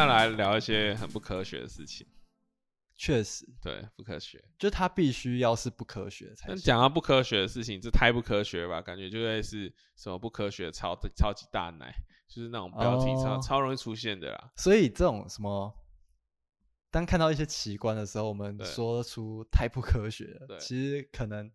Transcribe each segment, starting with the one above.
再 來聊一些很不科學的事情，確實，對，不科學，就它必須要是不科學才。那講到不科學的事情，這太不科學吧？感覺就會是什麼不科學超、超超級大奶，就是那種標題，哦，超容易出現的啦。所以這種什麼，當看到一些奇觀的時候，我們說出太不科學了。其實可能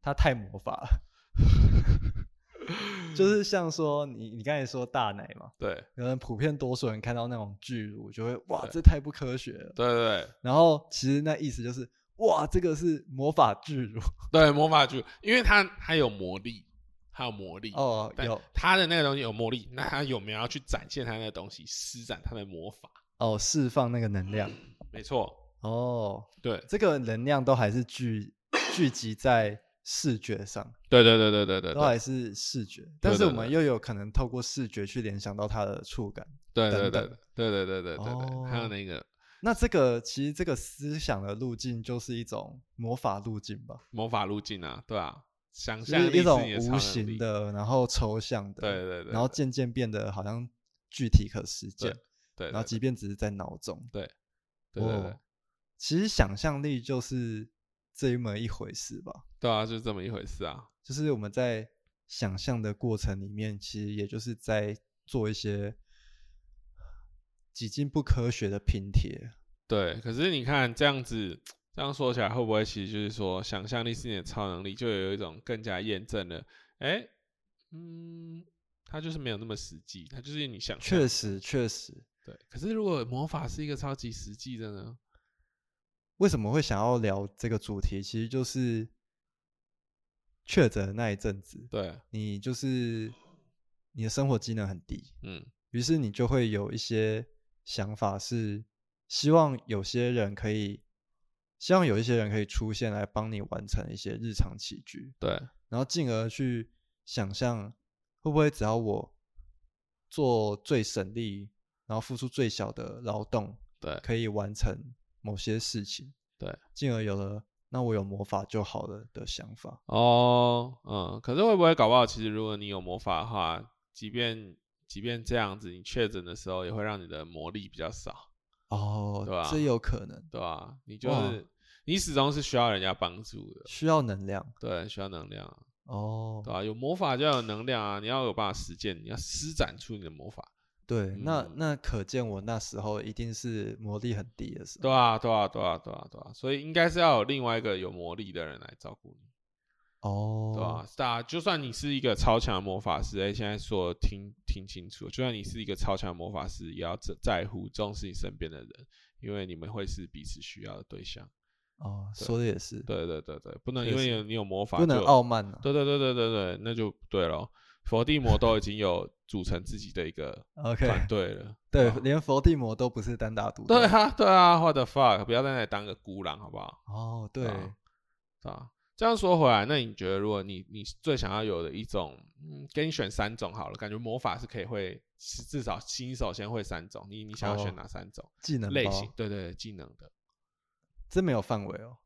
它太魔法了。 就是像說你，你剛才說大奶嘛，對，可能普遍多數人看到那種巨乳，就會哇，這太不科學了。對對對，然後其實那意思就是，哇，這個是魔法巨乳。對，魔法巨乳，因為它它有魔力，它有魔力哦，它有哦它的那個東西有魔力，那它有沒有要去展現它那個東西，施展它的魔法？哦，釋放那個能量，嗯，沒錯。哦，對，這個能量都還是聚聚集在。 視覺上，對對對，對對對對對對，都還是視覺對對對對，但是我們又有可能透過視覺去聯想到它的觸感，對對對對對對對對，還有那個，那這個其實這個思想的路徑就是一種魔法路徑吧？魔法路徑啊，對啊想象力，是，力、就是一種無形的，然後抽象的，對對對，對，然後漸漸變得好像具體可實踐，對，對，對，對，然後即便只是在腦中，對對對，對，喔、對，對對對，其實想象力就是。這麼一,一回事吧？對啊，就是這麼一回事啊。就是我們在想象的過程裡面，其實也就是在做一些幾近不科學的拼貼。對，可是你看這樣子，這樣說起來會不會，其實就是說，想象力是你的超能力，就有一種更加驗證了。誒、欸、嗯，它就是沒有那麼實際，它就是因為你想。確實，確實，對。可是如果魔法是一個超級實際的呢？為什麼會想要聊這個主題？其實就是確診的那一陣子，對，你就是你的生活技能很低，嗯，於是你就會有一些想法，是希望有些人可以，希望有一些人可以出現來幫你完成一些日常起居，對，然後進而去想象，會不會只要我做最省力，然後付出最小的勞動，對，可以完成。某些事情，對，進而有了那我有魔法就好了的想法。哦，嗯，可是會不會搞不好？其實如果你有魔法的話，即便即便這樣子，你確診的時候也會讓你的魔力比較少。哦，對吧？這有可能，對吧？你就是你始終是需要人家幫助的，需要能量，對，需要能量。哦，對吧？有魔法就要有能量啊！你要有辦法實踐，你要施展出你的魔法。對，那、嗯、那可見我那時候一定是魔力很低的時候。對啊，對啊，對啊，對啊，對啊，所以應該是要有另外一個有魔力的人來照顧你。哦，對啊，大家，就算你是一個超強魔法師，哎、欸，現在說聽聽清楚，就算你是一個超強魔法師，也要在在乎重視你身邊的人，因為你們會是彼此需要的對象。哦，說的也是。對對對對,對，不能因為有你有魔法就不能傲慢了、啊。對,對對對對對對，那就對了。佛地魔都已經有組成自己的一個團隊了，okay, 對，連佛地魔都不是單打獨鬥，對哈，對啊,對啊，What the fuck，不要在那裡當個孤狼，好不好？哦，對，啊，這樣說回來，那你覺得，如果你你最想要有的一種，嗯，給你選三種好了，感覺魔法是可以會，至少新手先會三種，你你想要選哪三種、哦、技能類型？對,對對，技能的，真沒有範圍哦。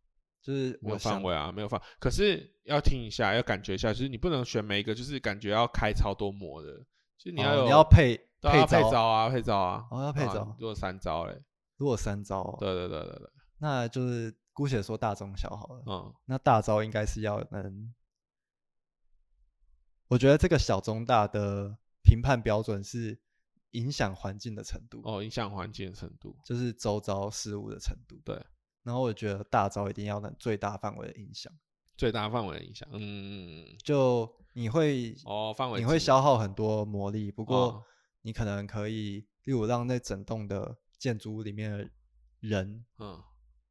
就是沒有範圍啊，沒有範，可是要聽一下，要感覺一下。就是你不能選每一個，就是感覺要開超多模的。其實你要有、哦、你要配配招，要配招啊，配招啊。哦，要配招，如果三招嘞？如果三招，果三招、哦，對對對對對，那就是姑且說大中小好了。嗯，那大招應該是要能，我覺得這個小中大的評判標準是影響環境的程度。哦，影響環境的程度，就是周遭事物的程度。對。然後我覺得大招一定要能最大範圍的影響，最大範圍的影響，嗯，就你會哦，範圍你會消耗很多魔力，不過你可能可以，哦、例如讓那整棟的建築物裡面的人，嗯，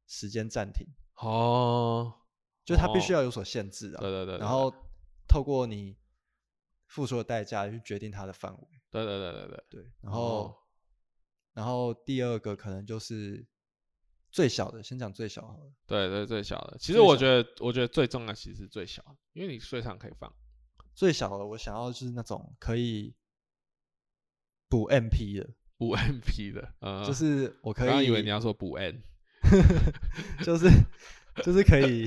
時間暫停，哦，就是他必須要有所限制的，啊，哦，對，對對對，然後透過你付出的代價去決定它的範圍，對對對對對，對，然後、哦、然後第二個可能就是。最小的，先講最小好了。對對，對，最小的。其實我覺得，我覺得最重要的其實是最小的，因為你睡上可以放。最小的，我想要就是那種可以補 MP 的，補 MP 的，嗯，就是我可以。我剛剛以為你要說補 N， 就是就是可以，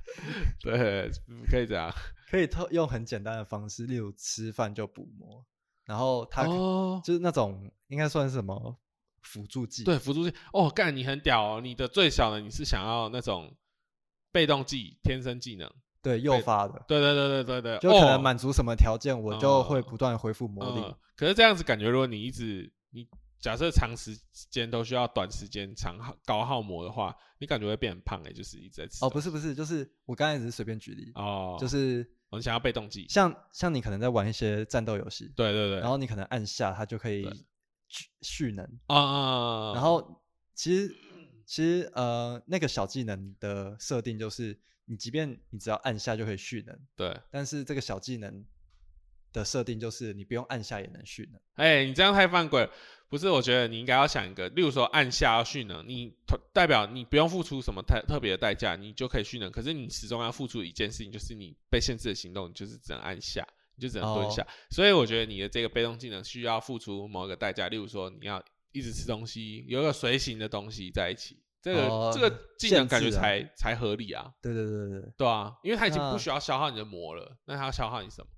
對，可以這樣。可以套用很簡單的方式，例如吃飯就補膜，然後它，哦、就是那種應該算是什麼？輔助技，對輔助技。哦，幹你很屌哦，你的最小的，你是想要那種被動技、天生技能對誘發的對對對對對對，就可能滿足什麼條件，哦，我就會不斷恢復魔力。可是這樣子感覺，如果你一直，你假設長時間都需要短時間長耗高耗魔的話，你感覺會變很胖。哎、欸、就是一直在吃。哦不是不是，就是我剛才只是隨便舉例。哦，就是我，哦，想要被動技，像像你可能在玩一些戰鬥遊戲對對對，然後你可能按下它就可以。蓄能啊，oh, 然後其實其實呃那個小技能的設定就是，你即便你只要按下就可以蓄能，對。但是這個小技能的設定就是，你不用按下也能蓄能。哎，你這樣太犯規了。不是，我覺得你應該要想一個，例如說按下要蓄能，你代表你不用付出什麼特特別的代價，你就可以蓄能。可是你始終要付出一件事情，就是你被限制的行動，你就是只能按下。就只能蹲下，oh. 所以我覺得你的這個被動技能需要付出某一個代價，例如說你要一直吃東西，有一個隨行的東西在一起，這個、oh. 這個技能感覺才、啊、才合理啊。對對對對，對啊，因為它已經不需要消耗你的魔了，那它、啊、要消耗你什麼？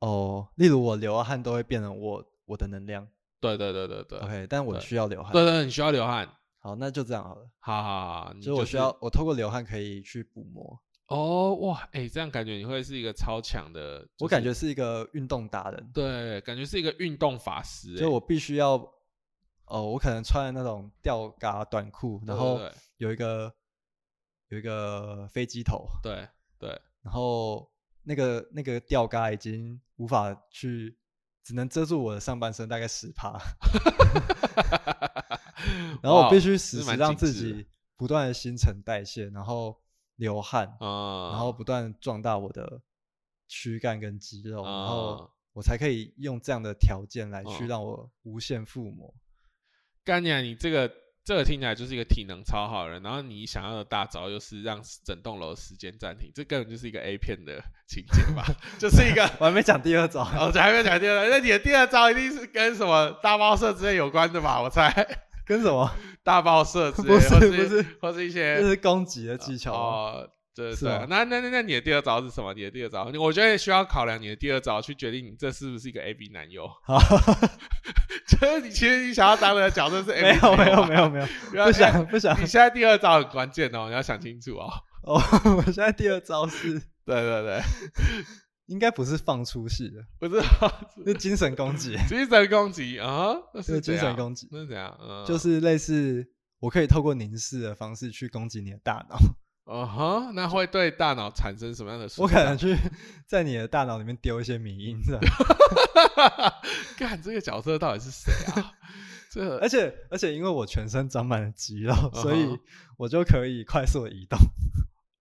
哦、oh，例如我流汗都會變成我我的能量。對對對對對。OK，但我需要流汗。對對，對，你需要流汗。好，那就這樣好了。哈好哈好好好，就以我需要、就是、我透過流汗可以去補魔。哦、oh, 哇，哎、欸，這樣感覺你會是一個超強的，就是，我感覺是一個運動達人，對，感覺是一個運動法師、欸。就我必須要，哦、呃，我可能穿了那種吊嘎短褲，然後有一個對對對有一個飛機頭，對對，然後那個那個吊嘎已經無法去，只能遮住我的上半身，大概十趴， 然後我必須時時讓自己不斷的新陳代謝， 然後。流汗啊、哦，然後不斷壯大我的軀幹跟肌肉、哦，然後我才可以用這樣的條件來去讓我無限附魔。幹娘，你這個這個聽起來就是一個體能超好的人，然後你想要的大招又是讓整棟樓的時間暫停，這根本就是一個 A 片的情節嘛， 就是一個 我還沒講第二招，我 講、哦、還沒講第二招， 那你的第二招一定是跟什麼大貓舍之類有關的吧？我猜。跟什麼大爆色之類 不是，是不是？或是一些這是攻擊的技巧啊，對、哦、對。對，那那那，那你的第二招是什麼？你的第二招，我覺得需要考量你的第二招去決定你這是不是一個 AV 男優。 就是你其實你想要當的角色是 AV 男 優沒有。沒有沒有沒有，沒有，沒，有，沒，有沒有，不想不想。你現在第二招很關鍵哦、喔，你要想清楚哦、喔。我 我現在第二招是， 對對對。 應該不是放出戲的，不是，是精神攻擊，精神攻擊啊，是精神攻擊。那是怎樣？就是類似我可以透過凝視的方式去攻擊你的大腦，啊、uh、哈 -huh,，那會對大腦產生什麼樣的？我可能去在你的大腦裡面丟一些迷因，看 這個角色到底是誰啊？這 而且而且因為我全身長滿了肌肉，uh -huh. 所以我就可以快速的移動。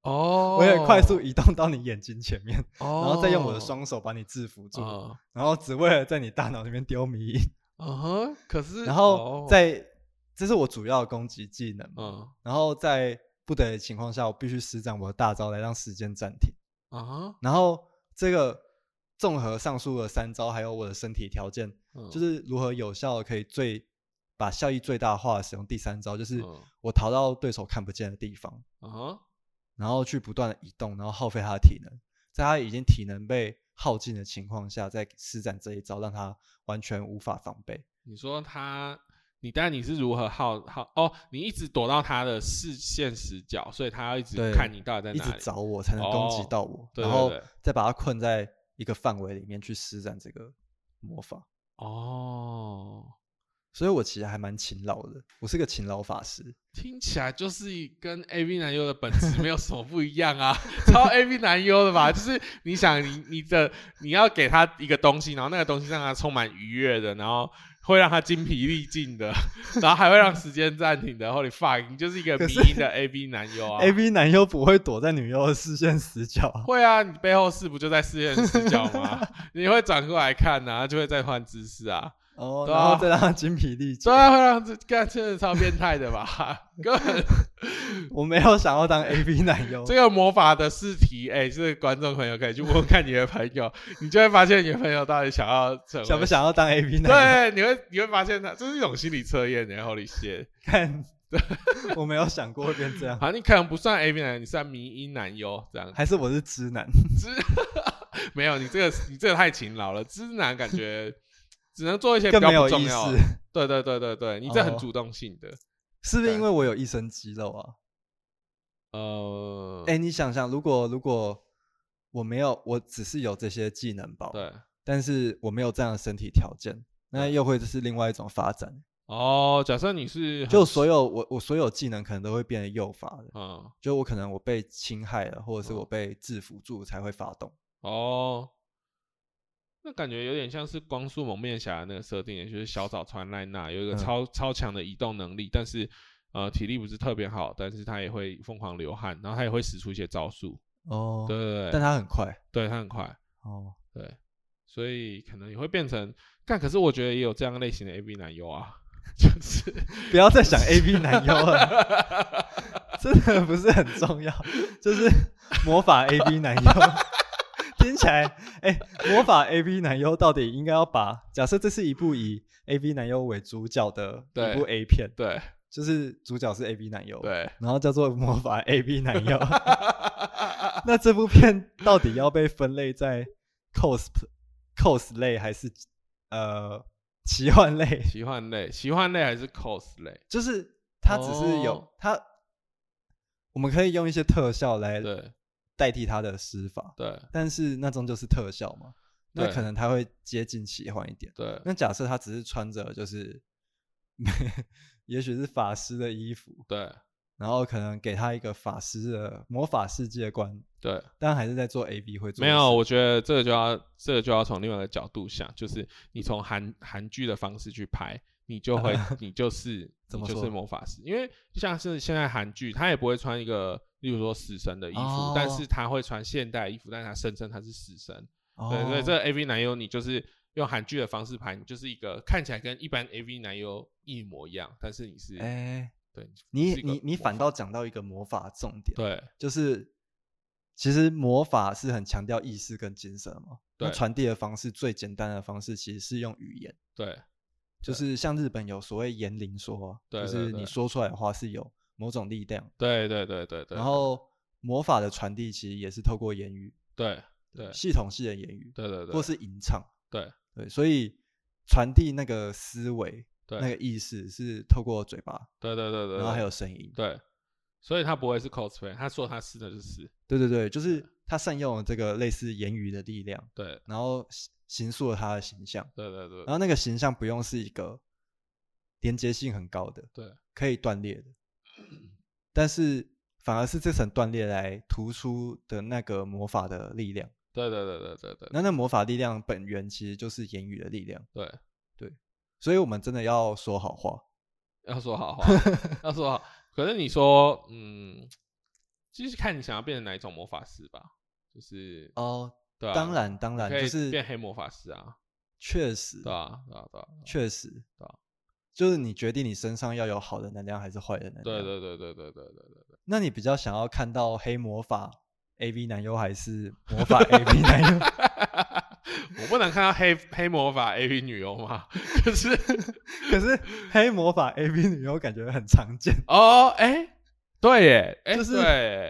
哦、oh,，我也快速移動到你眼睛前面，oh, 然後再用我的雙手把你制服住，uh, 然後只為了在你大腦裡面丟迷影啊！Uh -huh, 可是，然後在、oh. 這是我主要的攻擊技能嘛。Uh -huh. 然後在不得已的情況下，我必須施展我的大招來讓時間暫停啊！Uh -huh. 然後這個綜合上述的三招，還有我的身體條件，uh -huh. 就是如何有效的可以最把效益最大化使用第三招，就是我逃到對手看不見的地方啊！Uh -huh. 然後去不斷的移動，然後耗費他的體能，在他已經體能被耗盡的情況下，再施展這一招，讓他完全無法防備。你說他，你，但你是如何耗耗？哦，你一直躲到他的視線死角，所以他要一直看你到底在哪裡，一直找我才能攻擊到我，哦對對對，然後再把他困在一個範圍裡面去施展這個魔法。哦。所以我其實還蠻勤勞的，我是個勤勞法師。聽起來就是跟 AV 男優的本質沒有什麼不一樣啊， 超 AV 男優的吧？就是你想你你的你要給他一個東西，然後那個東西讓他充滿愉悅的，然後會讓他精疲力盡的， 然後還會讓時間暫停的。 然後你發你就是一個迷因的 AV 男優啊。啊、AV 男優不會躲在女優的視線死角。會啊，你背後是不就在視線死角嗎？ 你會轉過來看呢、啊，就會再換姿勢啊。哦、oh, 啊，然後再讓他精疲力盡、啊，這樣會讓這幹真的超變態的吧？哥 根本， 我沒有想要當 AV 男優。這個魔法的試題，誒、欸就是觀眾朋友可以去問，問看你的朋友， 你就會發現你的朋友到底想要麼想不想要當 AV 男優？對，你會你會發現他，那、就、這是一種心理測驗，然後一些看， 對 我沒有想過會變這樣。好、啊，你可能不算 AV 男優，你算迷因男優這樣，還是我是直男？直 沒有你這個你這個太勤勞了，直男感覺。 只能做一些重要更沒有意思。對對對對對，你這很主動性的，哦、是不是因為我有一身肌肉啊？呃，哎、欸，你想想，如果如果我沒有，我只是有這些技能包？對，但是我沒有這樣的身體條件，那又會是另外一種發展、嗯、哦。假設你是，就所有我我所有技能可能都會變得誘發的，嗯，就我可能我被侵害了，或者是我被制服住才會發動、嗯、哦。那感覺有點像是光速蒙面俠那個設定，也就是小早川瀨那有一個超、嗯、超強的移動能力，但是呃體力不是特別好，但是他也會瘋狂流汗，然後他也會使出一些招數。哦，對，對，對，但他很快，對他很快。哦，對，所以可能也會變成，但可是我覺得也有這樣類型的 A B 男優啊，就是 不要再想 A B 男優了， 真的不是很重要，就是魔法 A B 男優。 聽起來，哎、欸，魔法 AV 男優到底應該要把？假設這是一部以 AV 男優為主角的一部 A 片，對，對就是主角是 AV 男優，對，然後叫做魔法 AV 男優。 那這部片到底要被分類在 c o s a cos 類，還是呃奇幻類？奇幻類，奇幻類，還是 cos 類？就是它只是有、哦、它，我們可以用一些特效來對。代替他的施法，對，但是那種就是特效嘛，那可能他會接近奇幻一點，對。那假設他只是穿着就是， 也許是法師的衣服，對，然後可能給他一個法師的魔法世界觀，對。但還是在做 AV 會做。沒有，我覺得這個就要這個就要從另外一個角度想，就是你從韓韓劇的方式去拍，你就會、啊、你就是怎麼說就是魔法師，因為就像是現在韓劇，他也不會穿一個。例如說死神的衣服，哦、但是他會穿現代衣服，但是他聲稱他是死神。哦、對對，這 A V 男優你就是用韓劇的方式拍，你就是一個看起來跟一般 A V 男優一模一樣，但是你是哎、欸，對，你你你，你反倒講到一個魔法的重點，對，就是其實魔法是很強調意識跟精神嘛對，那傳遞的方式最簡單的方式其實是用語言，對，就是像日本有所謂言靈說、啊對對對，就是你說出來的話是有。某種力量，對，對對對對對。然後魔法的傳遞其實也是透過言語，對對，系統性的言語，對對對，或是吟唱，對對，對。所以傳遞那個思維，對那個意識是透過嘴巴，對，對對對對，然後還有聲音，對。對，所以他不會是 cosplay，他說他是他就是，對對對，就是他善用了這個類似言語的力量，對。然後形塑了他的形象，對，對對對。然後那個形象不用是一個連接性很高的，對，可以斷裂的。但是反而是這層斷裂來突出的那個魔法的力量。對對對對對對，對。那那魔法力量本源其實就是言語的力量。對對。所以我們真的要說好話，要說好話， 要說好。可是你說，嗯，其實看你想要變成哪一種魔法師吧，就是哦，對啊，當然當然，就是變黑魔法師啊。確、就是、實。對啊，對啊，確、啊啊、實。對、啊就是你決定你身上要有好的能量還是壞的能量。對對對對對對對對對，對。那你比較想要看到黑魔法 AV 男優還是魔法 AV 男優？ 我不能看到黑黑魔法 AV 女優嗎？可 是 可是黑魔法 AV 女優感覺很常見哦。哎、oh, oh, 欸，對耶、欸，就是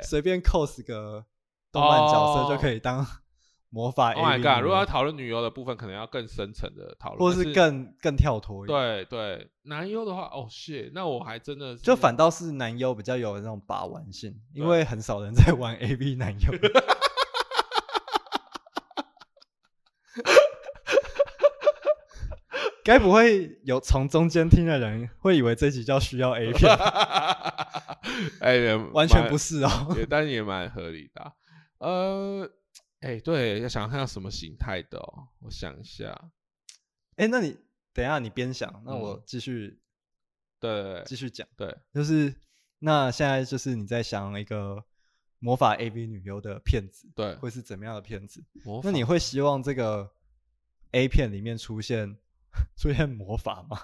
隨便 cos 個動漫角色就可以當、oh.。 魔法。Oh my god！如果要討論女優的部分，可能要更深層的討論，或是更是更跳脫一點。對對，男優的話，哦 shit，那我還真的，就反倒是男優比較有那種把玩性，因為很少人在玩 AV 男優。該不會有從中間聽的人會以為這集叫需藥 A 片、 欸？哎，完全不是哦，但也蠻合理的、啊。呃。哎、欸，對，要想看到什麼形態的、喔？我想一下。哎、欸，那你等一下你，你邊想，那我繼續。對，對，繼續講。對，就是那現在就是你在想一個魔法 A V 女優的片子，對，會是怎麼樣的片子？那你會希望這個 A 片裡面出現出現魔法嗎？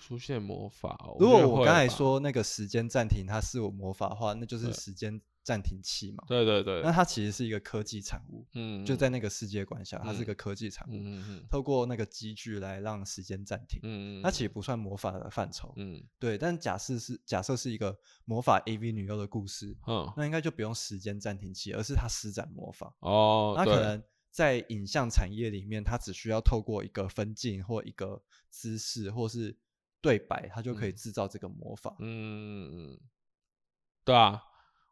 出現魔法哦？如果我剛才說那個時間暫停，它是我魔法的話，那就是時間暫停器嘛？對，對對對，那它其實是一個科技產物。就在那個世界觀下、嗯，它是一個科技產物。嗯嗯，嗯，透過那個機具來讓時間暫停。嗯嗯。它其實不算魔法的範疇。嗯。對，但假設是假設是一個魔法 AV 女優的故事，嗯，那應該就不用時間暫停器，而是它施展魔法。哦。那可能在影像產業裡面，它只需要透過一個分鏡或一個姿勢或是對白，它就可以制造這個魔法。嗯嗯嗯。對啊。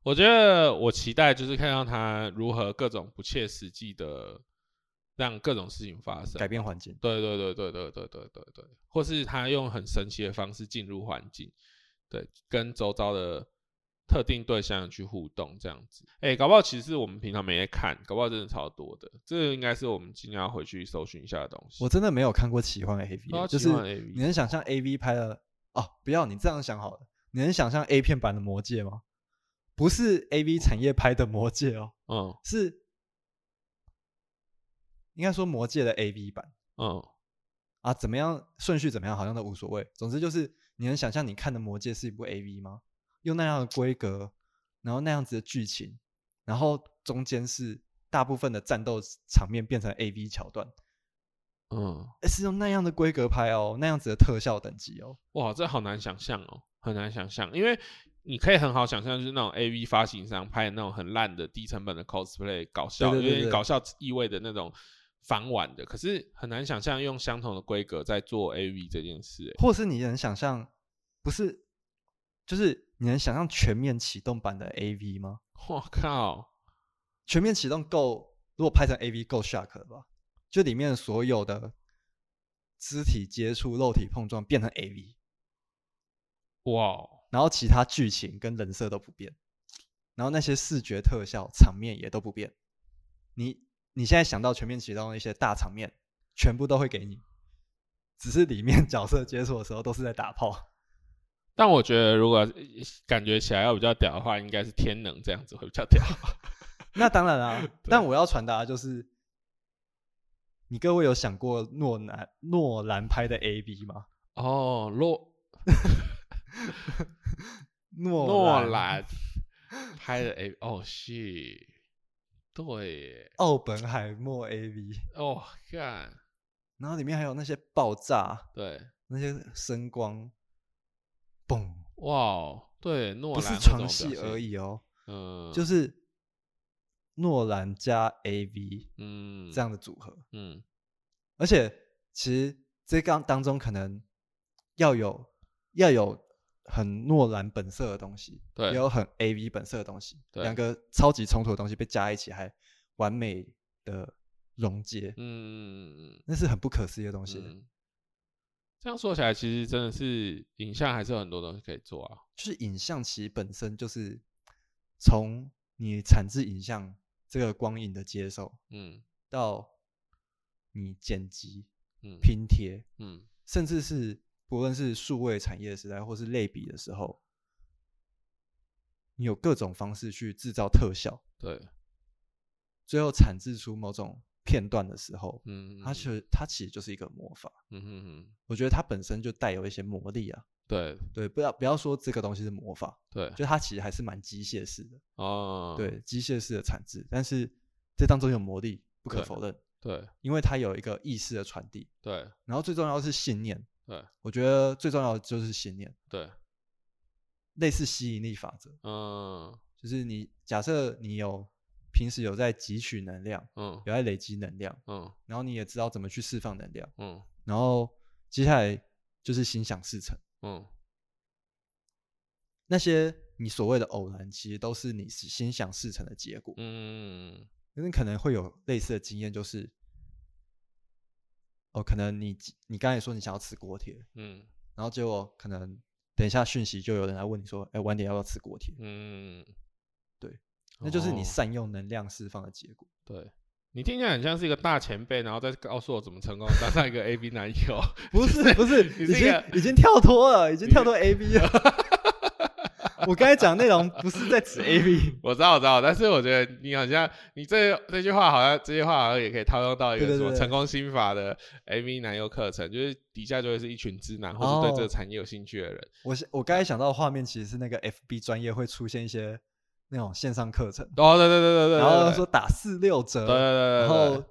我覺得我期待就是看到他如何各種不切實際的讓各種事情發生，改變環境。對，對對對對對對對對對，或是他用很神奇的方式進入環境，對，跟周遭的特定對象去互動，這樣子。哎、欸，搞不好其實是我們平常沒看，搞不好真的超多的。這個應該是我們今天要回去搜尋一下的東西。我真的沒有看過奇幻 AV，, 奇幻 AV 就是你能想象 AV 拍的？哦，不要你這樣想好了，你能想象 A 片版的魔戒嗎？不是 A V 產業拍的《魔戒》哦，嗯，是應該說《魔戒》的 A V 版，嗯，啊，怎麼樣順序怎麼樣，好像都無所謂。總之就是你能想象你看的《魔戒》是一部 A V 嗎？用那樣的規格，然後那樣子的劇情，然後中間是大部分的戰鬥場面變成 A V 橋段，嗯，是用那樣的規格拍哦，那樣子的特效等級哦，哇，這好難想象哦，很難想象，因為。你可以很好想象，就是那種 A V 發行商拍的那種很爛的低成本的 cosplay 搞笑，對對對對，有點搞笑意味的那種防玩的。可是很難想象用相同的規格在做 A V 這件事，欸，或是你能想象，不是就是你能想象全面啟動版的 A V 嗎？我靠，全面啟動夠，如果拍成 A V 夠 shock 了吧？就裡面所有的肢體接觸、肉體碰撞變成 A V，哇！然後其他劇情跟人設都不變，然後那些視覺特效、場面也都不變。你你現在想到《全面啟動》那些大場面，全部都會給你，只是裡面角色接觸的時候都是在打炮。但我覺得，如果感覺起來要比較屌的話，應該是天能這樣子會比較屌。 那當然啊， 但我要傳達的就是，你各位有想過諾蘭諾蘭拍的 A V 嗎？哦，諾。 諾諾蘭拍的 A 哦、 oh,，是，對，奧本海默 A V 哦，看、oh,，然後裡面還有那些爆炸，對，那些聲光，嘣，哇、wow,，對，諾蘭不是床戲而已哦、嗯，就是諾蘭加 A V，嗯，這樣的組合，嗯，而且其實這剛當中可能要有要有、嗯。很諾蘭本色的東西，對，也有很 AV 本色的東西，對，兩個超級衝突的東西被加一起還完美的溶解，嗯嗯嗯嗯，那是很不可思議的東西的、嗯。這樣說起來，其實真的是影像還是有很多東西可以做啊。就是影像其實本身就是從你產製影像這個光影的接受，嗯，到你剪輯、嗯、拼貼，嗯，甚至是。無論是數位產業時代，或是類比的時候，你有各種方式去製造特效，對，最後產製出某種片段的時候，嗯，嗯，它其實它其實就是一個魔法，嗯哼、嗯、哼、嗯，我覺得它本身就帶有一些魔力啊，對對，不要不要說這個東西是魔法，對，就它其實還是蠻機械式的哦。對，機械式的產製，但是這當中有魔力，不可否認，對，對因為它有一個意識的傳遞，對，然後最重要的是信念。對，我覺得最重要的就是信念。對，類似吸引力法則。嗯，就是你假設你有平時有在汲取能量，嗯，有在累積能量，嗯，然後你也知道怎麼去釋放能量，嗯，然後接下來就是心想事成。嗯，那些你所謂的偶然，其實都是你心想事成的結果。嗯嗯，那你可能會有類似的經驗，就是。哦，可能你你剛才說你想要吃鍋貼，嗯，然後結果可能等一下訊息就有人來問你說，哎、欸，晚點要不要吃鍋貼？嗯，對、哦，那就是你善用能量釋放的結果。對。你聽起來很像是一個大前輩，然後再告訴我怎麼成功搭上一個 A B 男友。不 是不是，不是 是已經已經跳脫了，已經跳脫 A B 了。 我剛才講內容不是在指 A V， 我知道，我知道，但是我覺得你好像，你這這句話好像，這句話好像也可以套用到一個什麼成功心法的 A V 男優課程，對對對對，就是底下就會是一群直男、哦、或是對這個產業有興趣的人。我我剛才想到的畫面其實是那個 F B 專業會出現一些那種線上課程，哦，對對對，對對對對對，然後說打四六折，對對對，對，對，對，對，然後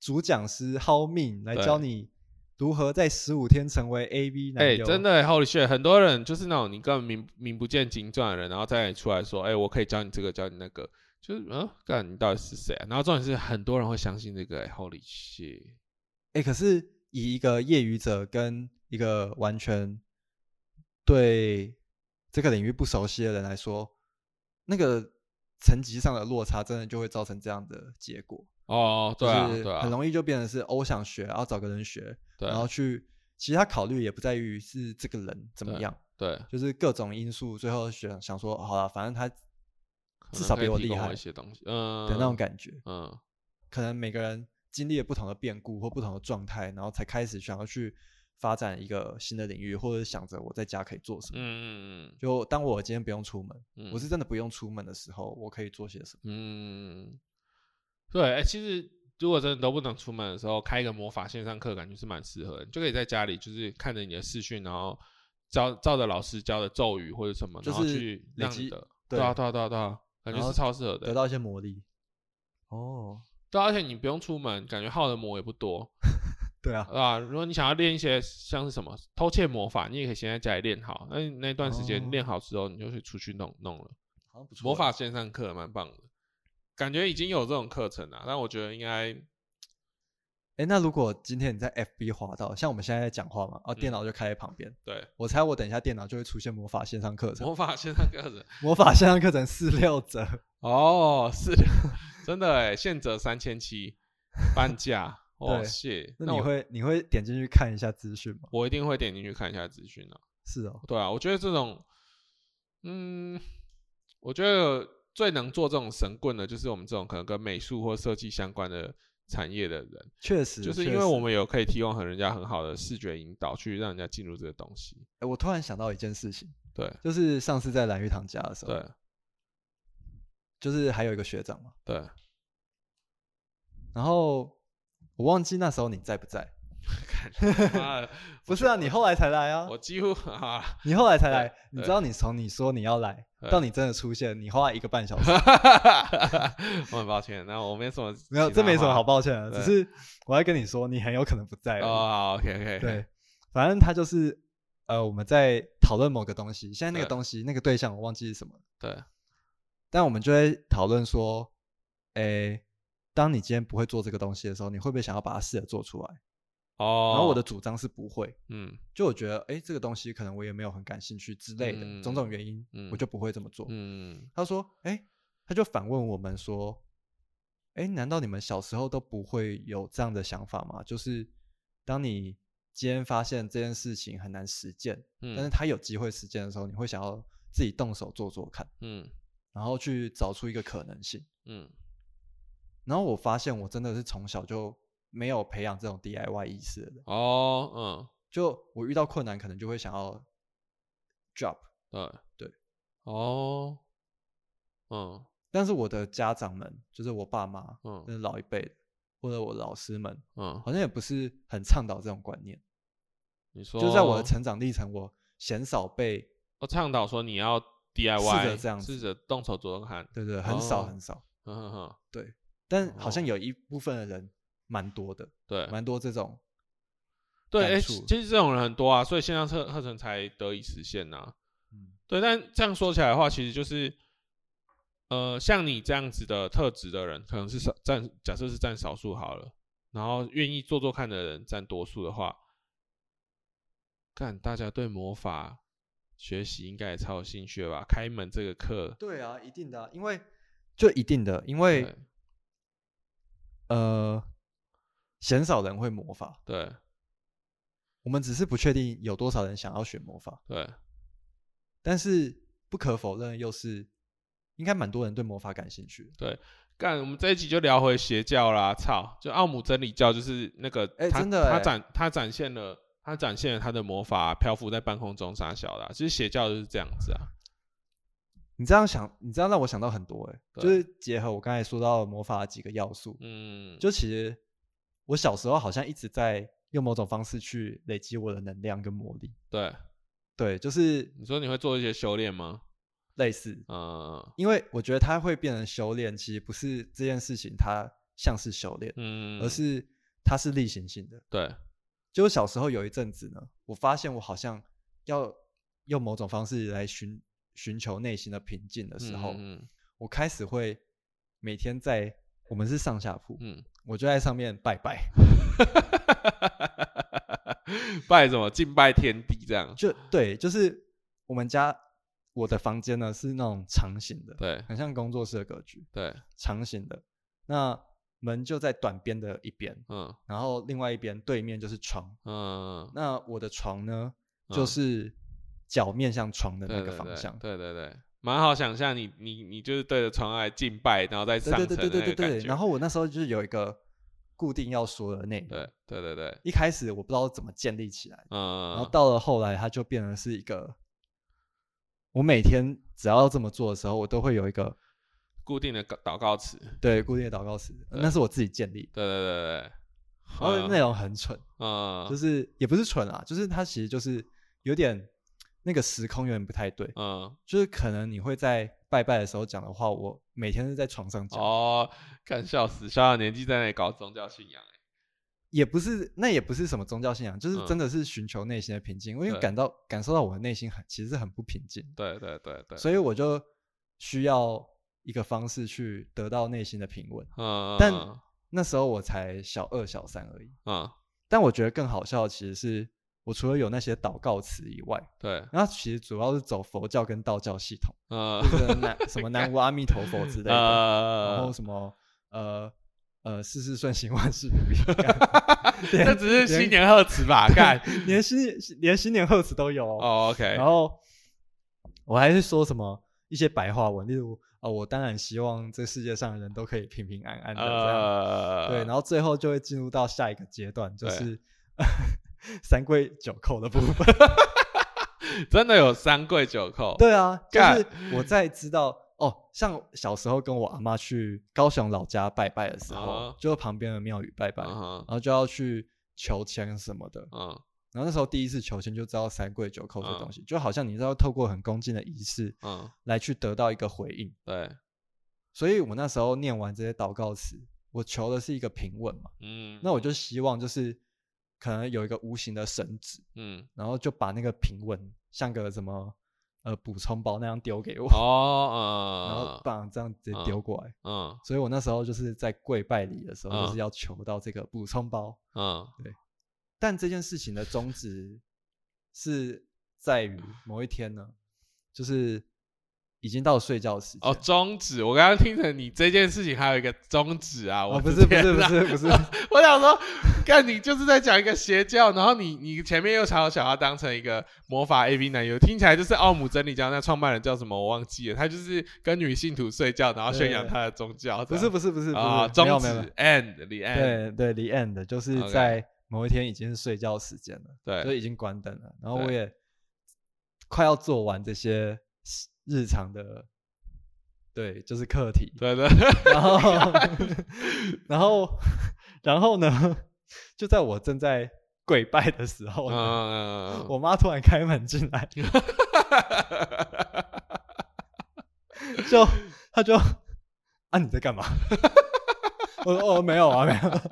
主講師 How Mean 來教你。如何在十五天成為 AV 男？哎、欸，真的、欸，Holy shit！很多人就是那種你根本名名不見經傳的人，然後再出來說：“哎、欸，我可以教你這個，教你那個。就”就是嗯，幹你到底是誰啊？然後重點是，很多人會相信這個、欸、Holy shit！哎、欸，可是以一個業餘者跟一個完全對這個領域不熟悉的人來說，那個層級上的落差，真的就會造成這樣的結果。哦、oh, 啊，對、啊就是、很容易就變成是，我想學，然後找個人學，然後去，其實他考慮也不在於是這個人怎麼樣，對，對就是各種因素，最後想想說，好、哦、了，反正他至少比我厲害可以提供我一些東西，嗯，的那種感覺，嗯，可能每個人經歷了不同的變故或不同的狀態，然後才開始想要去發展一個新的領域，或者是想着我在家可以做什麼，嗯嗯嗯，就當我今天不用出門、嗯，我是真的不用出門的時候，我可以做些什麼，嗯。對，哎，其實如果真的都不能出門的時候，開一個魔法線上課，感覺是蠻適合的。你就可以在家裡，就是看着你的視訊，然後照照着老師教的咒語或者什麼，就是、然後去累積。對啊，對啊，對啊，對啊，感覺是超適合的。得到一些魔力。哦，對、啊，而且你不用出門，感覺耗的魔也不多。 對啊，對啊，如果你想要練一些像是什麼偷竊魔法，你也可以先在家裡練好。那那段時間練好之後，你就可以出去弄、哦、弄了。好像不錯。魔法線上課蠻棒的。感覺已經有這種課程了，但我覺得應該，哎、欸，那如果今天你在 FB 滑到，像我們現在在講話嘛，哦、啊嗯，電腦就開在旁邊。對，我猜我等一下電腦就會出現魔法線上課程，魔法線上課程， 魔法線上課程四六折哦，是， 真的哎、欸，現折三千七，半價，哦，謝，那你會那你會點進去看一下資訊嗎？我一定會點進去看一下資訊、啊、是哦，對啊，我覺得這種，嗯，我覺得。最能做這種神棍的，就是我們這種可能跟美術或設計相關的產業的人，確實，就是因為我們有可以提供和人家很好的視覺引導，去讓人家進入這個東西。哎、欸，我突然想到一件事情，對，就是上次在藍玉堂家的時候，對，就是還有一個學長嘛，對，然後我忘記那時候你在不在。 什麼 不是啊，你後來才來啊！我幾乎、啊、你後來才來。你知道，你從你說你要來到你真的出現，你花一個半小時。 我很抱歉，那我沒什麼，沒有，這沒什麼好抱歉的。只是我要跟你說，你很有可能不在啊。Oh, OK，OK，、okay, okay. 對，反正他就是呃，我們在討論某個東西。現在那個東西，那個對象我忘記是什麼。對，但我們就會討論說，哎、欸，當你今天不會做這個東西的時候，你會不會想要把它試着做出來？哦、oh,，然後我的主張是不會，嗯，就我覺得，哎、欸，這個東西可能我也沒有很感興趣之類的種、嗯、種原因、嗯，我就不會這麼做。嗯，他說，哎、欸，他就反問我們說，哎、欸，難道你們小時候都不會有這樣的想法嗎？就是當你今天發現這件事情很難實踐、嗯，但是他有機會實踐的時候，你會想要自己動手做做看，嗯，然後去找出一個可能性，嗯，然後我發現我真的是從小就。沒有培養這種 DIY 意識的哦，嗯、oh, uh,，就我遇到困難，可能就會想要 drop 對對，哦，嗯，但是我的家長們，就是我爸媽，嗯、uh,，老一輩，或者我老師們，嗯、uh,，好像也不是很倡導這種觀念。你說，就在我的成長歷程，我鮮少被我倡導說你要 DIY 試着這樣子，試着動手做做看，對對，很少很少，oh, uh, uh, uh, 對，但好像有一部分的人。蠻多的，對，蠻多這種，對、欸，其實這種人很多啊，所以線上課程才得以實現呢、啊嗯。對，但這樣說起來的話，其實就是，呃，像你這樣子的特質的人，可能是少占，假設是占少數好了。然後願意做做看的人占多數的話，看大家對魔法學習應該也超有興趣吧？開門這個課，對啊，一定的、啊，因為就一定的，因為，呃。鮮少人會魔法，對。我們只是不確定有多少人想要學魔法，對。但是不可否認，又是應該蠻多人對魔法感興趣的。對，幹，我們這一集就聊回邪教啦，操！就奧姆真理教，就是那個，哎、欸，真的、欸，他展他展現了他展現了他的魔法、啊，漂浮在半空中傻笑啦。其實邪教就是這樣子啊。你這樣想，你這樣讓我想到很多、欸，哎，就是結合我剛才說到魔法的幾個要素，嗯，就其實。我小時候好像一直在用某種方式去累積我的能量跟魔力。對，對，就是你說你會做一些修煉嗎？類似，嗯，因為我覺得它會變成修煉，其實不是這件事情，它像是修煉，嗯，而是它是例行性的。對，就我小時候有一陣子呢，我發現我好像要用某種方式來尋尋求內心的平靜的時候，嗯，嗯，我開始會每天在我們是上下鋪，嗯。我就在上面拜拜， 拜什麼？敬拜天地這樣？就對，就是我們家我的房間呢，是那種長形的，對，很像工作室的格局，對，長形的。那門就在短邊的一邊，嗯，然後另外一邊對面就是床，嗯，那我的床呢，嗯，就是腳面向床的那個方向，對對對。對對對。蠻好想象，你你你就是對着窗外敬拜，然後在上對對對，對對對對，然後我那時候就是有一個固定要說的那對對對對。一開始我不知道怎麼建立起來，嗯，嗯，嗯，然後到了後來，它就變成是一個，我每天只要這麼做的時候，我都會有一個固定的禱告詞，對，固定的禱告詞，那是我自己建立。對對對對，然後內容很蠢，嗯，嗯，嗯，嗯，就是也不是蠢啊，就是他其實就是有點。那個時空有點不太對，嗯，就是可能你會在拜拜的時候講的話，我每天都在床上講，哦，看笑死，小小年紀在那裡搞宗教信仰，欸，也不是，那也不是什麼宗教信仰，就是真的是尋求內心的平靜，嗯，因為感到感受到我的內心很其實很不平靜，對對對對，所以我就需要一個方式去得到內心的平穩，嗯，但那時候我才小二小三而已，嗯，但我覺得更好笑的其實是。我除了有那些禱告詞以外，對，然後其實主要是走佛教跟道教系統，呃，就是、南 什麼南無阿彌陀佛之類的，呃、然後什麼呃呃，事事順心，萬事如意， 連 這只是新年賀詞吧？連 新，新年新年賀詞都有哦、oh,，OK，然後我還是說什麼一些白話文，例如、哦、我當然希望這世界上的人都可以平平安安的、呃，對，然後最後就會進入到下一個階段，就是。 三跪九叩的部分， 真的有三跪九叩？ 對啊，God. 就是我在知道哦，像小時候跟我阿媽去高雄老家拜拜的時候，oh. 就旁邊的廟宇拜拜，uh -huh. 然後就要去求籤什麼的，嗯、uh -huh.，然後那時候第一次求籤就知道三跪九叩這東西，uh -huh. 就好像你知道透過很恭敬的儀式，嗯，來去得到一個回應，對、uh -huh.，所以我那時候念完這些禱告詞，我求的是一個平穩嘛，嗯、uh -huh.，那我就希望就是。可能有一個無形的繩子，嗯，然後就把那個平穩像個什麼呃補充包那樣丟給我哦、嗯，然後把這樣子直接丟過來嗯，嗯，所以我那時候就是在跪拜禮的時候，就是要求到這個補充包，嗯，對，但這件事情的宗旨是在於某一天呢，就是。已經到睡覺的時間哦，終止。我剛剛聽成你這件事情還有一個終止啊。我、哦、不是不是不是不是，啊，我想說，看 你就是在講一個邪教，然後你你前面又常常想要當成一個魔法 A V 男友，聽起來就是奧姆真理教，那創辦人叫什麼我忘記了，他就是跟女信徒睡覺，然後宣揚他的宗教。不是不是不是啊，終止，end，the end，, end 對對，the end，就是在某一天已經是睡覺時間了，對，就已經關燈了，然後我也快要做完這些。日常的，對，就是課題，對的。然後， 然後，然後呢？就在我正在跪拜的時候呢，oh, oh, oh, oh, oh. 我媽突然開門進來， 就她就啊，你在幹嘛？ 我說哦，哦，沒有啊，沒有、啊。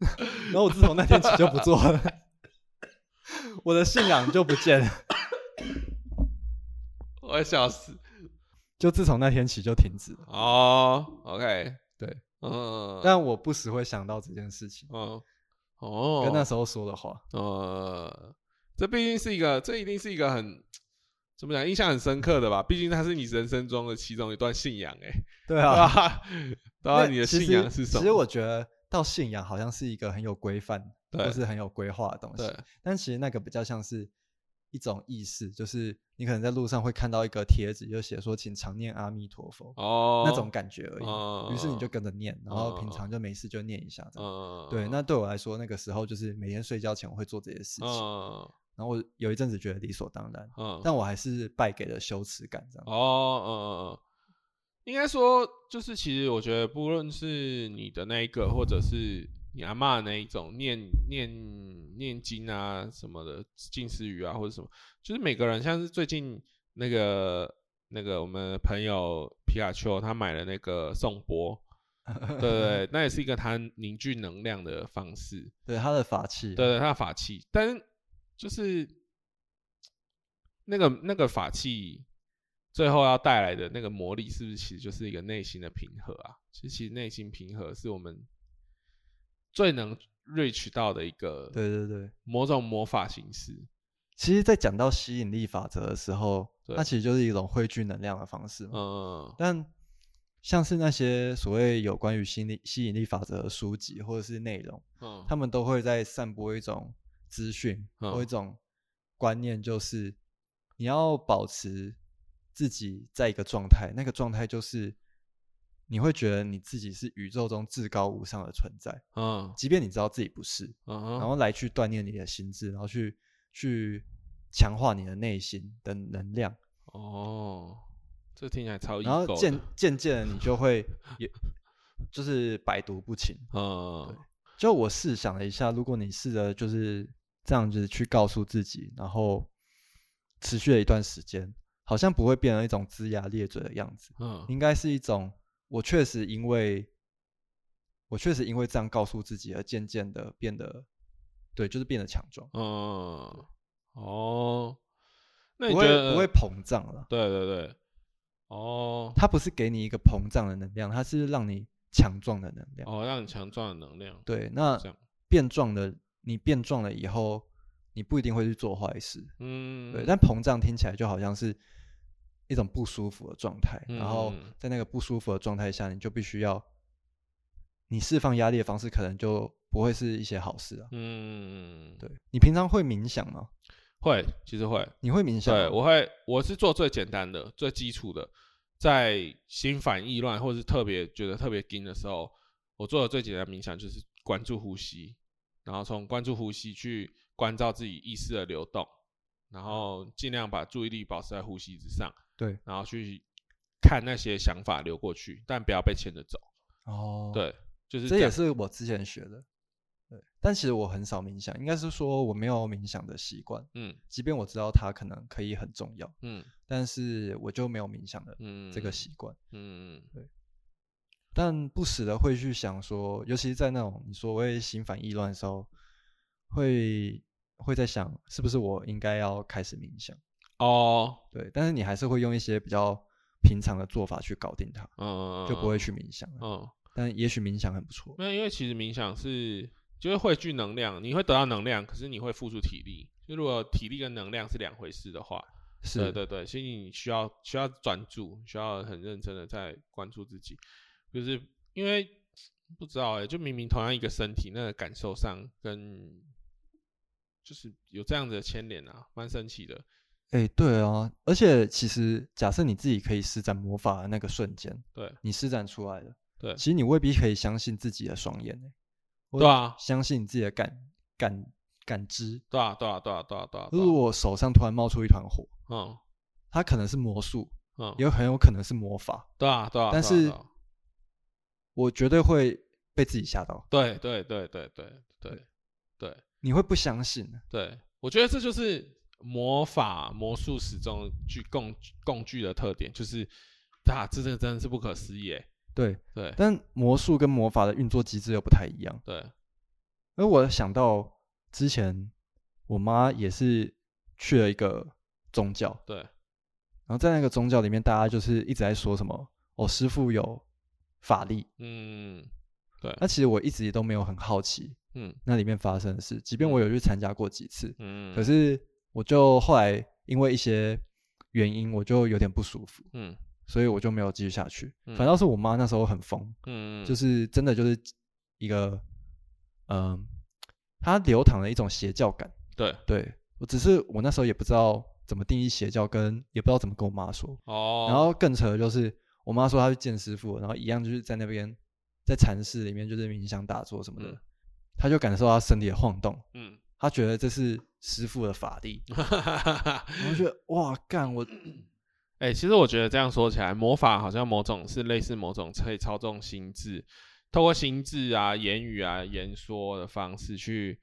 然後我自從那天起就不做了， 我的信仰就不見了。我也笑死！就自從那天起就停止了哦。Oh, OK，對，嗯、uh, 但我不時會想到這件事情。嗯，哦，跟那時候說的話。嗯、uh, 這畢竟是一個，這一定是一個很怎麼講，印象很深刻的吧？畢竟它是你人生中的其中一段信仰、欸。哎，對啊。當然，你的信仰是什麼？其實我覺得到信仰好像是一個很有規範，對，就是很有規劃的東西。但其實那個比較像是。一種意思就是你可能在路上會看到一個帖子，就寫，就寫說請常念阿彌陀佛，哦，那種感覺而已。於、哦、是你就跟着念，然後平常就沒事就念一下這樣、哦，對，那對我來說，那個時候就是每天睡覺前我會做這些事情，哦、然後我有一陣子覺得理所當然、哦，但我還是敗給了羞恥感這樣，哦，嗯、應該說，就是其實我覺得，不論是你的那一個，或者是、嗯。你阿媽的那一種念念念經啊什麼的，靜思語啊或者什麼，就是每個人像是最近那個那個我們朋友皮卡丘，他買了那個頌缽， 對,對對，那也是一個他凝聚能量的方式。對，他的法器。對,對，對他的法器，但就是那個那個法器最後要帶來的那個魔力，是不是其實就是一個內心的平和啊？其實內心平和是我們。最能 reach 到的一個魔魔，對對對，某種魔法形式。其實，在講到吸引力法則的時候，它其實就是一種匯聚能量的方式。嗯，但像是那些所謂有關於心理吸引力法則的書籍或者是內容，嗯，他們都會在散播一種資訊或一種觀念，就是、嗯、你要保持自己在一個狀態，那個狀態就是。你會覺得你自己是宇宙中至高無上的存在，嗯，即便你知道自己不是，嗯，然後來去鍛鍊你的心智，然後去去強化你的內心的能量。哦，這聽起來超。然後漸漸漸的，你就會也， 就是百毒不侵。嗯，對，就我試想了一下，如果你試着就是這樣子去告訴自己，然後持續了一段時間，好像不會變成一種齜牙咧嘴的樣子。嗯，應該是一種。我確實因為，我確實因為這樣告訴自己而漸漸的變得，對，就是變得強壯。嗯，哦，那你覺得不會膨脹了。對對對，哦，它不是給你一個膨脹的能量，它是讓你強壯的能量。哦，讓你強壯的能量。對，那變壯了，你變壯了以後，你不一定會去做壞事。嗯，對，但膨脹聽起來就好像是。一種不舒服的狀態，然後在那個不舒服的狀態下、嗯，你就必須要你釋放壓力的方式，可能就不會是一些好事啊。嗯，對。你平常會冥想嗎？會，其實會。你會冥想？對，我會，我是做最簡單的、最基礎的。在心煩意亂，或是特別覺得特別緊的時候，我做的最簡單冥想就是關注呼吸，然後從關注呼吸去關照自己意識的流動，然後盡量把注意力保持在呼吸之上。對，然後去看那些想法流過去，但不要被牽着走。哦，對，就是這，這也是我之前學的對對。但其實我很少冥想，應該是說我沒有冥想的習慣。嗯，即便我知道它可能可以很重要，嗯，但是我就沒有冥想的這個習慣。嗯嗯，對嗯。但不時的會去想說，尤其是在那種你所謂心煩意亂的時候，會會在想是不是我應該要開始冥想？哦、oh.，對，但是你還是會用一些比較平常的做法去搞定它，嗯、oh.，就不會去冥想，嗯、oh.，但也許冥想很不錯。那因為其實冥想是就會匯聚能量，你會得到能量，可是你會付出體力。就如果體力跟能量是兩回事的話，是，對對對。所以你需要需要專注，需要很認真的在關注自己，就是因為不知道哎、欸，就明明同樣一個身體，那個感受上跟就是有這樣子的牽連啊，蠻神奇的。哎、欸，對啊，而且其實，假設你自己可以施展魔法的那個瞬間，對你施展出來的，對，其實你未必可以相信自己的雙眼，對啊，相信你自己的感感感知，對啊，對啊，對啊，對啊，對啊。如果我手上突然冒出一團火，嗯，它可能是魔術，嗯，也很有可能是魔法，對啊，對啊。但是，嗯、但我絕對會被自己嚇到，對，對，對，對，對，對，對，對，你會不相信，對，我覺得這就是。魔法、魔術始終具共具共具的特點，就是，啊，這個真的是不可思議耶。對對，但魔術跟魔法的運作機制又不太一樣。對，而我想到之前我媽也是去了一個宗教，對，然後在那個宗教裡面，大家就是一直在說什麼“哦，師父有法力”，嗯，對。那、啊、其實我一直也都沒有很好奇，嗯，那裡面發生的事、嗯，即便我有去參加過幾次，嗯，可是。我就後來因為一些原因，我就有點不舒服，嗯，所以我就沒有繼續下去。嗯。反倒是我媽那時候很瘋，嗯，嗯，就是真的就是一個，嗯、呃，她流淌了一種邪教感，對，對我只是我那時候也不知道怎麼定義邪教，跟也不知道怎麼跟我媽說，哦，然後更扯的就是我媽說她去見師傅，然後一樣就是在那邊在禪室裡面就是冥想打坐什麼的，嗯、她就感受到她身體的晃動，嗯。他覺得這是師父的法力，我 就覺得哇，幹我，哎、欸，其實我覺得這樣說起來，魔法好像某種是類似某種可以操縱心智，透過心智啊、言語啊、言說的方式去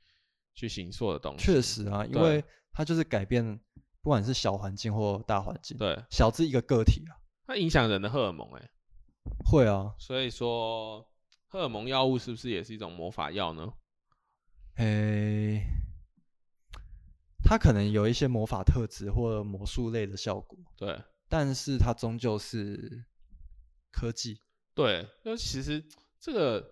去形塑的東西。確實啊，因為它就是改變，不管是小環境或大環境，對，小至一個個體啊，它影響人的荷爾蒙、欸，哎，會啊，所以說荷爾蒙藥物是不是也是一種魔法藥呢？哎、欸。它可能有一些魔法特質或者魔術類的效果，對，但是它終究是科技，對。那其實這個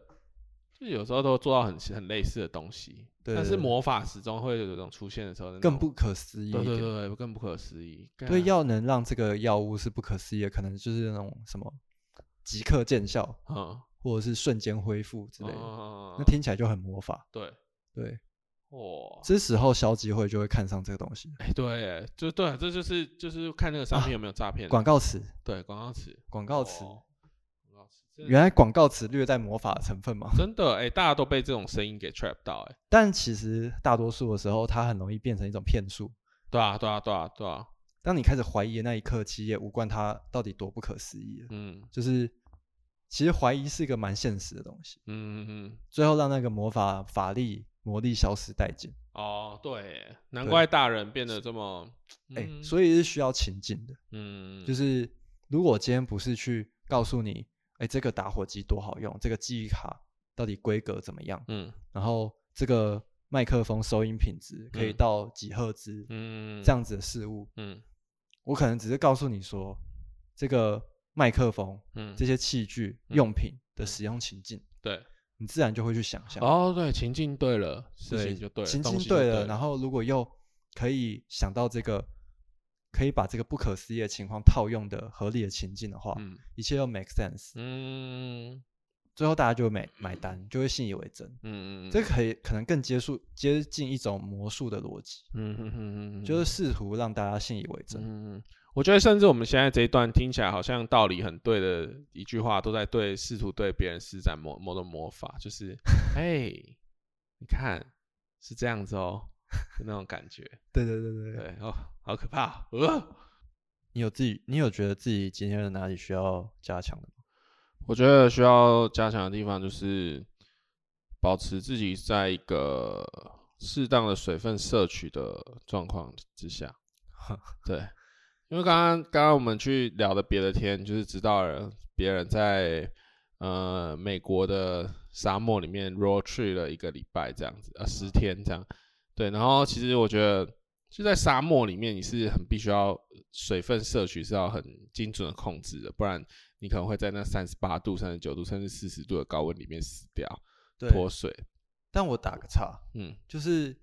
就有時候都做到很很類似的東西，對。但是魔法始終會有一種出現的時候，更不可思議，對，更不可思議。對，要能讓這個藥物是不可思議的，可能就是那種什麼即刻見效，嗯，或者是瞬間恢復之類的，哦，那聽起來就很魔法，對對。哦！這時候消機會就會看上這個東西，哎、欸，對、欸，就對、啊，這就是就是看那個商品有沒有詐騙廣告詞，對，廣告詞，廣告詞、哦，原來廣告詞略帶魔法的成分嘛。真的，哎、欸，大家都被這種聲音給 trap 到、欸，哎，但其實大多數的時候，它很容易變成一種騙術。對啊，對啊，對啊，對啊！當你開始懷疑的那一刻，其實也無關它到底多不可思議。嗯，就是其實懷疑是一個蠻現實的東西。嗯嗯嗯，最後讓那個魔法法力。魔力消失殆盡哦，oh, 對，難怪大人變得這麼哎，所以是需要情境的，嗯，就是如果今天不是去告訴你，哎，這個打火機多好用，這個記憶卡到底規格怎麼樣，嗯，然後這個麥克風收音品質可以到幾赫茲，嗯，這樣子的事物，嗯，嗯我可能只是告訴你說這個麥克風，嗯，這些器具、嗯、用品的使用情境，嗯嗯、對。你自然就會去想象哦，oh, 對，情境對了，對，了情境對了,對了，然後如果又可以想到這個，可以把這個不可思議的情況套用的合理的情境的話，嗯，一切都 make sense，嗯，最後大家就會買買單，就會信以為真，嗯嗯，這個，可以可能更接觸接近一種魔術的邏輯，嗯嗯嗯，就是試圖讓大家信以為真，嗯嗯。我覺得，甚至我們現在，這一段聽起來好像道理很對的一句話，都在對試圖對別人施展魔某種魔法，就是，哎、 欸，你看是這樣子哦， 那種感覺。 對對對對對哦，好可怕！呃，你有自己，你有覺得自己今天哪裡需要加強的嗎？我覺得需要加強的地方就是保持自己在一個適當的水分攝取的狀況之下。 對。因為剛剛剛剛我們去聊的別的天，就是知道了別人在呃美國的沙漠裡面 road trip 了一個禮拜這樣子，呃十天這樣。對，然後其實我覺得就在沙漠裡面，你是很必須要水分攝取是要很精準的控制的，不然你可能會在那三十八度、三十九度甚至四十度的高溫裡面死掉，對，脫水。但我打個岔，嗯，就是。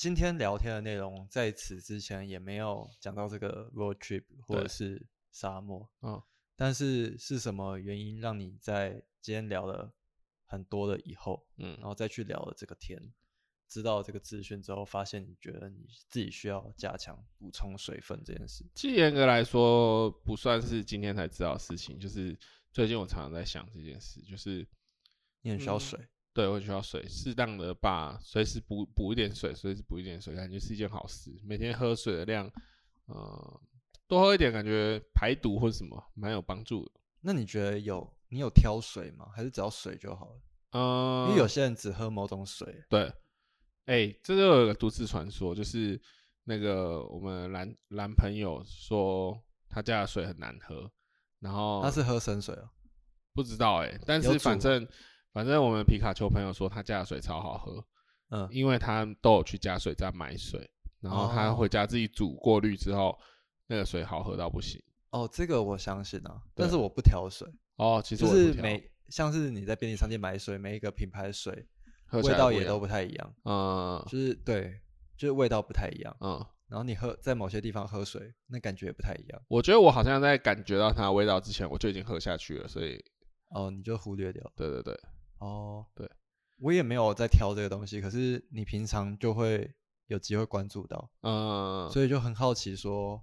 今天聊天的內容，在此之前也沒有講到這個 road trip 或者是沙漠。嗯，但是是什麼原因讓你在今天聊了很多的以後，嗯，然後再去聊了這個天，知道這個資訊之後，發現你覺得你自己需要加強補充水分這件事？其實嚴格來說，不算是今天才知道的事情。就是最近我常常在想這件事，就是你很需要水。嗯對，我需要水，適當的吧隨時補補一點水，隨時補一點水，感覺是一件好事。每天喝水的量，嗯、呃，多喝一點，感覺排毒或什麼，蠻有幫助。那你覺得有你有挑水嗎？還是只要水就好了？嗯、呃，因為有些人只喝某種水。對，哎、欸，這就、個、有個都市傳說，就是那個我們男男朋友說他家的水很難喝，然後他是喝生水哦、喔，不知道哎、欸，但是反正。反正我們皮卡丘朋友說他家的水超好喝，嗯，因為他都有去加水站買水，然後他回家自己煮過濾之後，哦，那個水好喝到不行。哦，這個我相信啊，但是我不挑水哦，其實我就是每像是你在便利商店買水，每一個品牌的水味道也都不太一樣，嗯，就是對，就是味道不太一樣，嗯，然後你喝在某些地方喝水，那感覺也不太一樣。我覺得我好像在感覺到它的味道之前，我就已經喝下去了，所以哦，你就忽略掉了，對對對。哦、oh，對，我也沒有在挑這個東西，可是你平常就會有機會關注到，嗯，所以就很好奇說，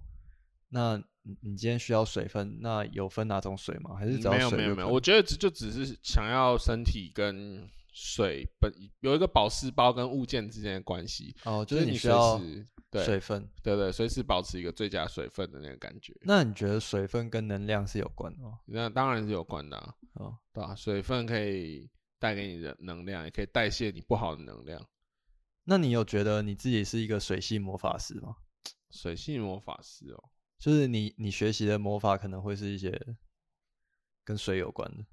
那你你今天需要水分，那有分哪種水嗎？還是只要水沒有沒有沒有，我覺得只就只是想要身體跟水本有一個保濕包跟物件之間的關係哦，oh, 就是你需要水，就是、你對水分，對對，對，隨時保持一個最佳水分的那個感覺。那你覺得水分跟能量是有關的嗎？那當然是有關的啊，oh. 對啊，水分可以，帶給你的能量，也可以代謝你不好的能量。那你有覺得你自己是一個水系魔法師嗎？水系魔法師哦，就是你你學習的魔法可能會是一些跟水有關的。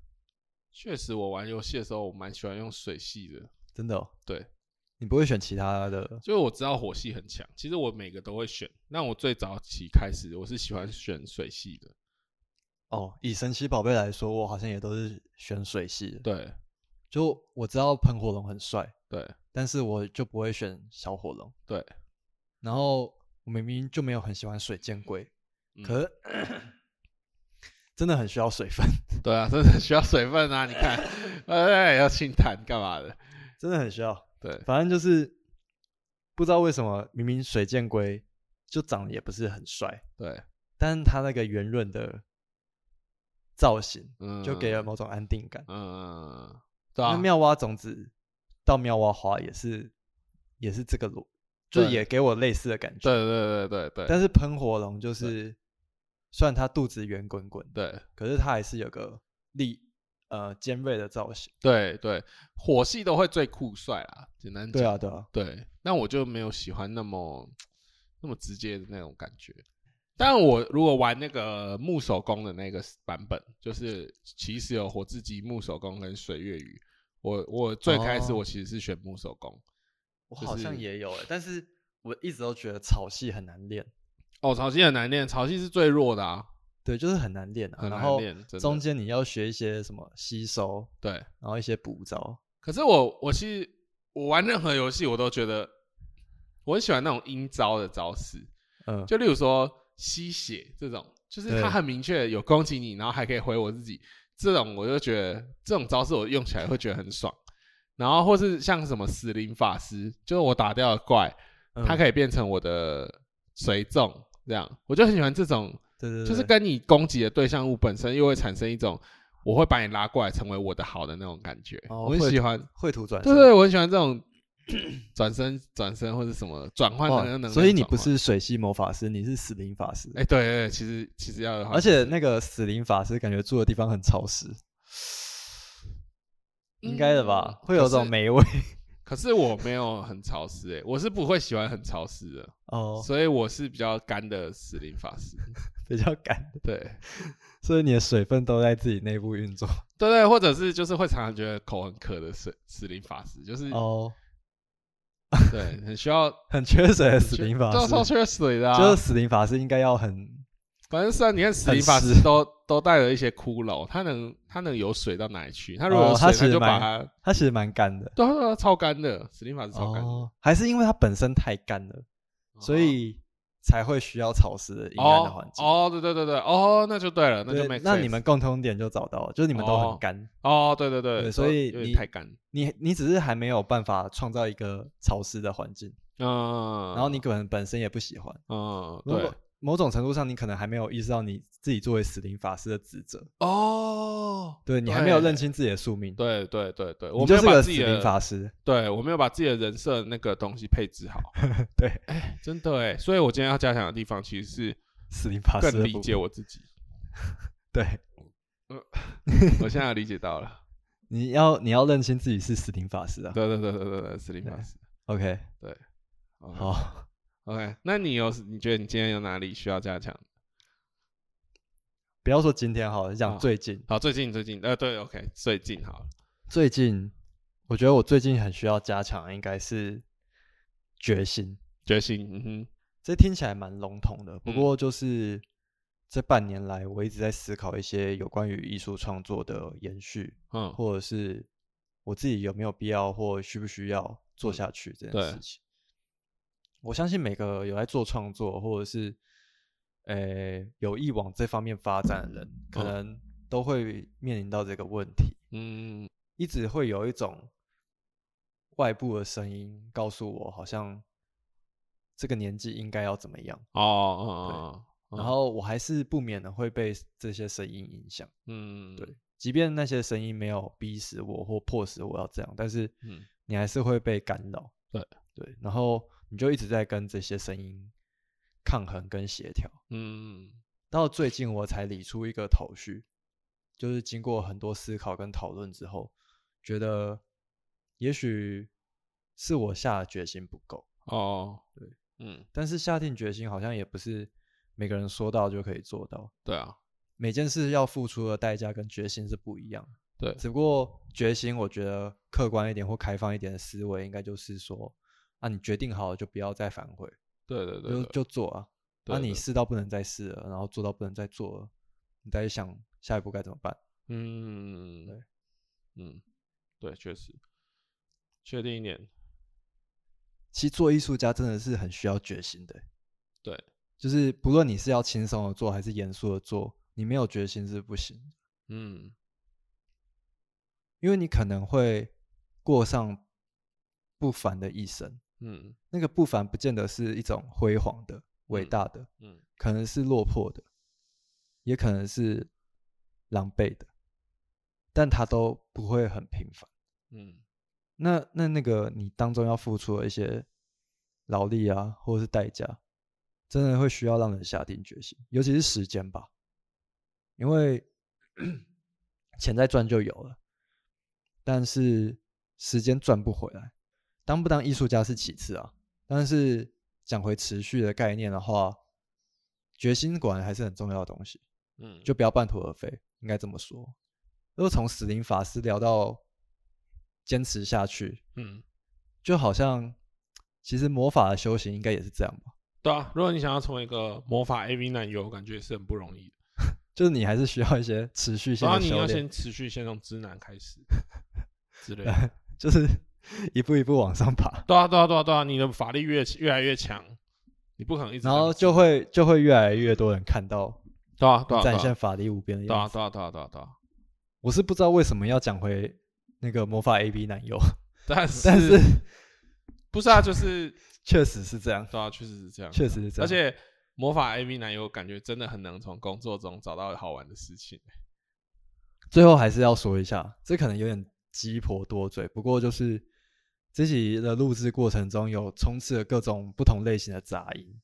確實，我玩遊戲的時候我蠻喜歡用水系的。真的哦？對，你不會選其他的？就是我知道火系很強。其實我每個都會選。那我最早期開始我是喜歡選水系的。哦，以神奇寶貝來說，我好像也都是選水系的。對。就我知道噴火龍很帥，對，但是我就不會選小火龍，對。然後我明明就沒有很喜歡水箭龜、嗯、可、嗯、真的很需要水分，對啊，真的很需要水分啊！ 你看，哎、 欸，要清痰幹嘛的？真的很需要。對，反正就是不知道為什麼，明明水箭龜就長得也不是很帥，對，但它那個圓潤的造型，就給了某種安定感，嗯。嗯從、啊、妙蛙種子到妙蛙花也是，也是這個路，就是、也給我類似的感覺。對對對對對，對。但是噴火龍就是，雖然它肚子圓滾滾，對，可是它還是有個力，呃尖銳的造型。對對，火系都會最酷帥啦，簡單講。對啊對啊。對，那我就沒有喜歡那麼那麼直接的那種感覺。但我如果玩那個木守宮的那個版本，就是其實有火稚雞、木守宮跟水躍魚。我我最開始我其實是選木手工，oh, 就是、我好像也有哎、欸。但是我一直都覺得草系很難練。哦，草系很難練，草系是最弱的啊，對，就是很難練啊，難練。然後中間你要學一些什麼吸收，對，然後一些補招。可是我我其實我玩任何遊戲我都覺得，我很喜歡那種陰招的招式，嗯，就例如說吸血這種，就是它很明確有攻擊你，然後還可以回我自己。這種我就覺得，這種招式我用起來會覺得很爽，然後或是像什麼死靈法師，就是我打掉的怪，它可以變成我的隨眾，這樣我就很喜歡這種，就是跟你攻擊的對象物本身又會產生一種，我會把你拉過來成為我的好的那種感覺，我很喜歡繪圖轉，對對，對，我很喜歡這種。轉 身，轉身或者什麼轉換能量，能量轉換。所以你不是水系魔法師，你是死靈法師。哎、欸，對對、對，其實其實要有，而且那個死靈法師感覺住的地方很潮濕，嗯、應該的吧？會有種霉味。可是我沒有很潮濕，欸，我是不會喜歡很潮濕的哦。所以我是比較乾的死靈法師，比較乾的。對，所以你的水分都在自己內部運作。對對，或者是就是會常常覺得口很渴的水死靈法師，就是哦。 對，很需要， 很缺水的死靈法師。都超缺,缺水的、啊，就是死靈法師應該要很。反正，雖然你看死靈法師都都帶了一些骷髏，他能它能有水到哪裡去？他如果有水，他、哦、就把它，它其實蠻乾的，對，它超乾的，死靈法師超乾、哦，還是因為他本身太乾了，所以。哦才會需要潮濕陰、oh, 暗的環境哦，對、oh, 對對對，哦、oh,，那就對了，對，那就沒事，那你們共通點就找到了，oh, 就是你們都很乾哦，oh, oh, 對對對，對所以，你所以太乾，你你，你只是還沒有辦法創造一個潮濕的環境嗯，然後你可能本身也不喜歡嗯，對。某種程度上，你可能還沒有意識到你自己作為死靈法師的職責哦。對，你還沒有認清自己的宿命。對對對對，對，我沒有把自己的對我沒有把自己的人設那個東西配置好。 對，哎、欸，真的、欸、所以我今天要加強的地方其實是死靈法師，更理解我自己。 對 呃，我現在理解到了， 你要你要認清自己是死靈法師啊。對對對對對對，死靈法師。OK，對，okay. 好。OK，那你有？你覺得你今天有哪裡需要加強？不要說今天好了，好，你講最近。好、哦哦，最近最近，呃，對，OK，最近好。最近，我覺得我最近很需要加強，應該是決心。決心、嗯哼，這聽起來蠻籠統的。不過就是、嗯、這半年來，我一直在思考一些有關於藝術創作的延續，嗯，或者是我自己有沒有必要或需不需要做下去這件事情。嗯我相信每個有在做創作，或者是、欸，有意往這方面發展的人，可能都會面臨到這個問題、哦。嗯，一直會有一種外部的聲音告訴我，好像這個年紀應該要怎麼樣哦哦哦。對。哦，然後我還是不免的會被這些聲音影響。嗯，對。即便那些聲音沒有逼死我或迫使我要這樣，但是，嗯，你還是會被干擾、嗯。對，對。然後。你就一直在跟這些聲音抗衡跟協調。嗯，到最近我才理出一個頭緒，就是經過很多思考跟討論之後，覺得也許是我下的決心不夠。哦，哦。對。嗯，但是下定決心好像也不是每個人說到就可以做到。對啊，每件事要付出的代價跟決心是不一樣。對，只不過決心，我覺得客觀一點或開放一點的思維，應該就是說。那、啊、你決定好了，就不要再反悔。對對對，對就，就做啊。那、啊、你試到不能再試了對對對，然後做到不能再做了，你再想下一步該怎麼辦。嗯，對，嗯，對，確實，確定一點。其實做藝術家真的是很需要決心的。對，就是不論你是要輕鬆的做還是嚴肅的做，你沒有決心是不行。嗯，因為你可能會過上不凡的一生。嗯，那個不凡不見得是一種輝煌的、偉大的，嗯，嗯，可能是落魄的，也可能是狼狽的，但他都不會很平凡。嗯，那那那個你當中要付出的一些勞力啊，或是代價，真的會需要讓人下定決心，尤其是時間吧，因為 錢再賺就有了，但是時間賺不回來。當不當藝術家是其次啊，但是講回持續的概念的話，決心果然還是很重要的東西。嗯，就不要半途而廢。應該這麼說，如果從死靈法師聊到堅持下去，嗯，就好像其實魔法的修行應該也是這樣吧？對啊，如果你想要成為一個魔法 AV 男優，我感覺也是很不容易的， 就是你還是需要一些持續性的修煉、啊、你要先持續先從直男開始， 之類的， 就是。一步一步往上爬，對啊，對啊，對啊，對啊，你的法力越越來越強，你不可能一直，然後就會就會越來越多人看到，對啊，對啊，展現法力無邊的樣子對、啊對啊，對啊，對啊，對啊，對啊，我是不知道為什麼要講回那個魔法 AV 男優，但是 但是不是啊？就是確實是這樣，對啊，確實是這樣，確實是這樣，啊、而且，而且魔法 AV 男優感覺真的很能從工作中找到好玩的事情、欸。最後還是要說一下，這可能有點雞婆多嘴，不過就是。自己的錄製過程中有充斥各種不同類型的雜音，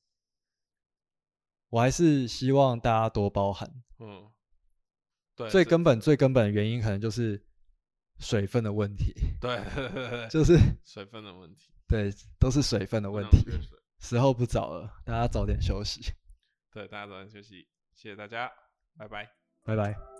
我還是希望大家多包涵。嗯，對，最根本、最根本的原因可能就是水分的問題。對，對對對就是水分的問題。對，都是水分的問題。時候不早了，大家早點休息。對，大家早點休息，謝謝大家，拜拜，拜拜。